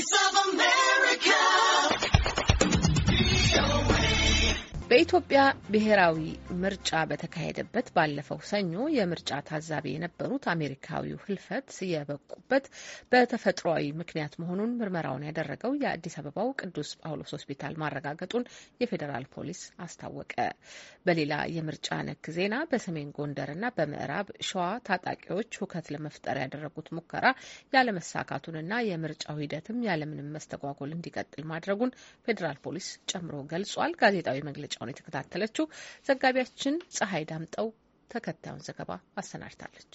voice of የኢትዮጵያ ብሔራዊ ምርጫ በተካሄደበት ባለፈው ሰኞ የምርጫ ታዛቢ የነበሩት አሜሪካዊው ህልፈት የበቁበት በተፈጥሯዊ ምክንያት መሆኑን ምርመራውን ያደረገው የአዲስ አበባው ቅዱስ ጳውሎስ ሆስፒታል ማረጋገጡን የፌዴራል ፖሊስ አስታወቀ። በሌላ የምርጫ ነክ ዜና በሰሜን ጎንደር እና በምዕራብ ሸዋ ታጣቂዎች ሁከት ለመፍጠር ያደረጉት ሙከራ ያለመሳካቱንና የምርጫው ሂደትም ያለምንም መስተጓጎል እንዲቀጥል ማድረጉን ፌዴራል ፖሊስ ጨምሮ ገልጿል። ጋዜጣዊ መግለጫውን የተከታተለችው ዘጋቢያችን ፀሐይ ዳምጠው ተከታዩን ዘገባ አሰናድታለች።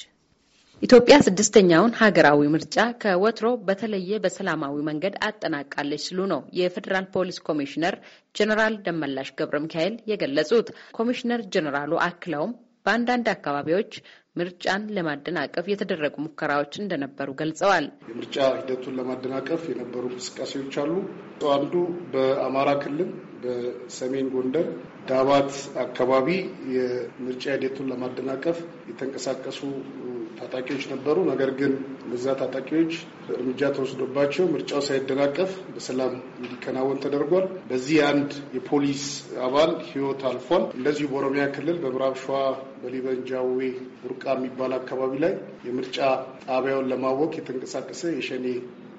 ኢትዮጵያ ስድስተኛውን ሀገራዊ ምርጫ ከወትሮ በተለየ በሰላማዊ መንገድ አጠናቃለች ሲሉ ነው የፌዴራል ፖሊስ ኮሚሽነር ጀኔራል ደመላሽ ገብረ ሚካኤል የገለጹት። ኮሚሽነር ጀኔራሉ አክለውም በአንዳንድ አካባቢዎች ምርጫን ለማደናቀፍ የተደረጉ ሙከራዎች እንደነበሩ ገልጸዋል። የምርጫ ሂደቱን ለማደናቀፍ የነበሩ እንቅስቃሴዎች አሉ። አንዱ በአማራ ክልል በሰሜን ጎንደር ዳባት አካባቢ የምርጫ ሂደቱን ለማደናቀፍ የተንቀሳቀሱ ታጣቂዎች ነበሩ። ነገር ግን እነዚያ ታጣቂዎች እርምጃ ተወስዶባቸው ምርጫው ሳይደናቀፍ በሰላም እንዲከናወን ተደርጓል። በዚህ አንድ የፖሊስ አባል ህይወት አልፏል። እንደዚሁ በኦሮሚያ ክልል በምዕራብ ሸዋ በሊበንጃዌ ቡርቃ የሚባል አካባቢ ላይ የምርጫ ጣቢያውን ለማወቅ የተንቀሳቀሰ የሸኔ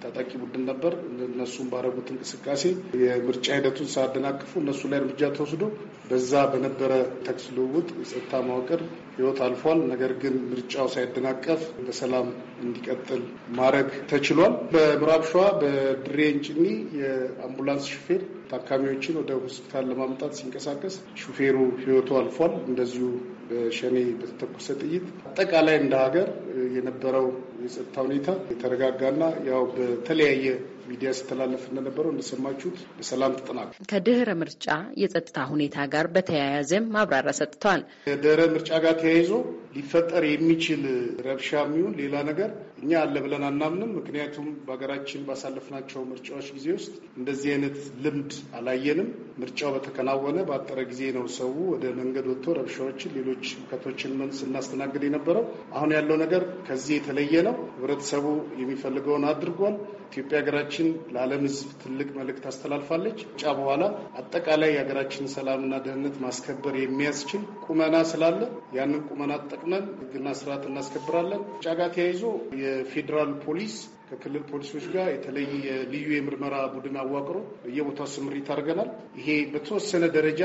ታጣቂ ቡድን ነበር። እነሱም ባረጉት እንቅስቃሴ የምርጫ ሂደቱን ሳያደናቅፉ እነሱ ላይ እርምጃ ተወስዶ በዛ በነበረ ተኩስ ልውውጥ የጸጥታ መዋቅር ህይወት አልፏል። ነገር ግን ምርጫው ሳይደናቀፍ በሰላም እንዲቀጥል ማድረግ ተችሏል። በምዕራብ ሸዋ በድሬ እንጭኒ የአምቡላንስ ሹፌር ታካሚዎችን ወደ ሆስፒታል ለማምጣት ሲንቀሳቀስ ሹፌሩ ህይወቱ አልፏል። እንደዚሁ በሸኔ በተተኮሰ ጥይት አጠቃላይ እንደ ሀገር የነበረው የጸጥታ ሁኔታ የተረጋጋና ያው በተለያየ ሚዲያ ሲተላለፍ እንደነበረው እንደሰማችሁት በሰላም ተጠናቀ። ከድህረ ምርጫ የጸጥታ ሁኔታ ጋር በተያያዘም ማብራሪያ ሰጥተዋል። ከድህረ ምርጫ ጋር ተያይዞ ሊፈጠር የሚችል ረብሻ የሚሆን ሌላ ነገር እኛ አለ ብለን አናምንም። ምክንያቱም በሀገራችን ባሳለፍናቸው ምርጫዎች ጊዜ ውስጥ እንደዚህ አይነት ልምድ አላየንም። ምርጫው በተከናወነ በአጠረ ጊዜ ነው ሰው ወደ መንገድ ወጥቶ ረብሻዎችን፣ ሌሎ ሌሎች ሁከቶችን ስናስተናግድ የነበረው። አሁን ያለው ነገር ከዚህ የተለየ ነው። ህብረተሰቡ የሚፈልገውን አድርጓል። ኢትዮጵያ ሀገራችን ለዓለም ህዝብ ትልቅ መልእክት አስተላልፋለች። ጫ በኋላ አጠቃላይ የሀገራችን ሰላምና ደህንነት ማስከበር የሚያስችል ቁመና ስላለ ያንን ቁመና ጠቅመን ህግና ስርዓት እናስከብራለን። ጫ ጋር ተያይዞ የፌዴራል ፖሊስ ከክልል ፖሊሶች ጋር የተለየ ልዩ የምርመራ ቡድን አዋቅሮ በየቦታው ስምሪት አድርገናል። ይሄ በተወሰነ ደረጃ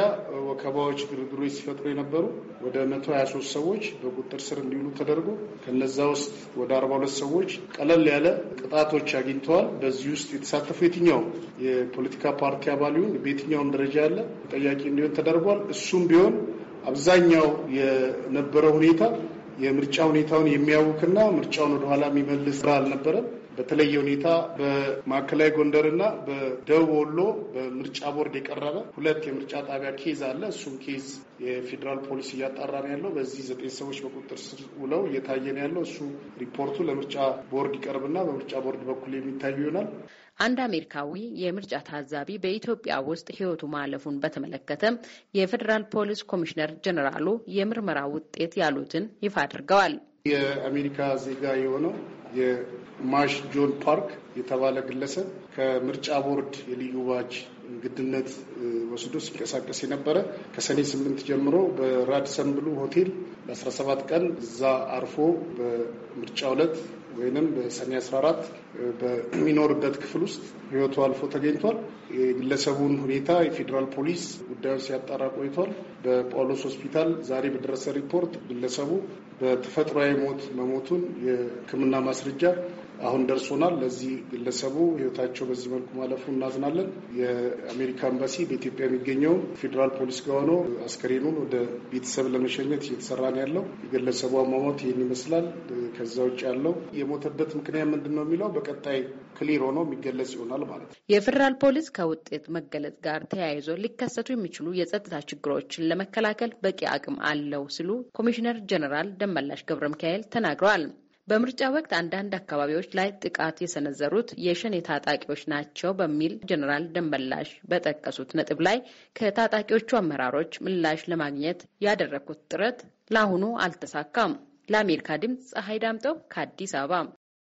ወከባዎች፣ ግርግሮች ሲፈጥሩ የነበሩ ወደ 123 ሰዎች በቁጥር ስር እንዲውሉ ተደርጎ ከነዛ ውስጥ ወደ 42 ሰዎች ቀለል ያለ ቅጣቶች አግኝተዋል። በዚህ ውስጥ የተሳተፉ የትኛው የፖለቲካ ፓርቲ አባል ይሁን በየትኛውም ደረጃ ያለ ተጠያቂ እንዲሆን ተደርጓል። እሱም ቢሆን አብዛኛው የነበረው ሁኔታ የምርጫ ሁኔታውን የሚያውክና ምርጫውን ወደኋላ የሚመልስ ስራ አልነበረም። በተለየ ሁኔታ በማዕከላዊ ጎንደርና በደቡብ ወሎ በምርጫ ቦርድ የቀረበ ሁለት የምርጫ ጣቢያ ኬዝ አለ። እሱም ኬዝ የፌዴራል ፖሊስ እያጣራ ነው ያለው። በዚህ ዘጠኝ ሰዎች በቁጥጥር ስር ውለው እየታየ ነው ያለው። እሱ ሪፖርቱ ለምርጫ ቦርድ ይቀርብና በምርጫ ቦርድ በኩል የሚታዩ ይሆናል። አንድ አሜሪካዊ የምርጫ ታዛቢ በኢትዮጵያ ውስጥ ሕይወቱ ማለፉን በተመለከተ የፌዴራል ፖሊስ ኮሚሽነር ጀኔራሉ የምርመራ ውጤት ያሉትን ይፋ አድርገዋል። የአሜሪካ ዜጋ የሆነው የማሽ ጆን ፓርክ የተባለ ግለሰብ ከምርጫ ቦርድ የልዩ ባጅ እንግድነት ወስዶ ሲንቀሳቀስ የነበረ ከሰኔ ስምንት ጀምሮ በራድሰን ብሉ ሆቴል ለ17 ቀን እዛ አርፎ በምርጫ ዕለት ወይም በሰኔ 14 በሚኖርበት ክፍል ውስጥ ህይወቱ አልፎ ተገኝቷል። የግለሰቡን ሁኔታ የፌዴራል ፖሊስ ጉዳዩን ሲያጣራ ቆይቷል። በጳውሎስ ሆስፒታል ዛሬ በደረሰ ሪፖርት ግለሰቡ በተፈጥሯዊ ሞት መሞቱን የሕክምና ማስረጃ አሁን ደርሶናል። ለዚህ ግለሰቡ ህይወታቸው በዚህ መልኩ ማለፉ እናዝናለን። የአሜሪካ ኤምባሲ በኢትዮጵያ የሚገኘው ፌዴራል ፖሊስ ጋር ሆኖ አስከሬኑን ወደ ቤተሰብ ለመሸኘት እየተሰራ ነው ያለው። የግለሰቡ አሟሟት ይህን ይመስላል። ከዛ ውጭ ያለው የሞተበት ምክንያት ምንድን ነው የሚለው በቀጣይ ክሊር ሆኖ የሚገለጽ ይሆናል ማለት ነው። የፌዴራል ፖሊስ ከውጤት መገለጽ ጋር ተያይዞ ሊከሰቱ የሚችሉ የጸጥታ ችግሮችን ለመከላከል በቂ አቅም አለው ሲሉ ኮሚሽነር ጀነራል ደ ደመላሽ ገብረ ሚካኤል ተናግረዋል። በምርጫ ወቅት አንዳንድ አካባቢዎች ላይ ጥቃት የሰነዘሩት የሸኔ ታጣቂዎች ናቸው በሚል ጀኔራል ደመላሽ በጠቀሱት ነጥብ ላይ ከታጣቂዎቹ አመራሮች ምላሽ ለማግኘት ያደረግኩት ጥረት ለአሁኑ አልተሳካም። ለአሜሪካ ድምፅ ፀሐይ ዳምጠው ከአዲስ አበባ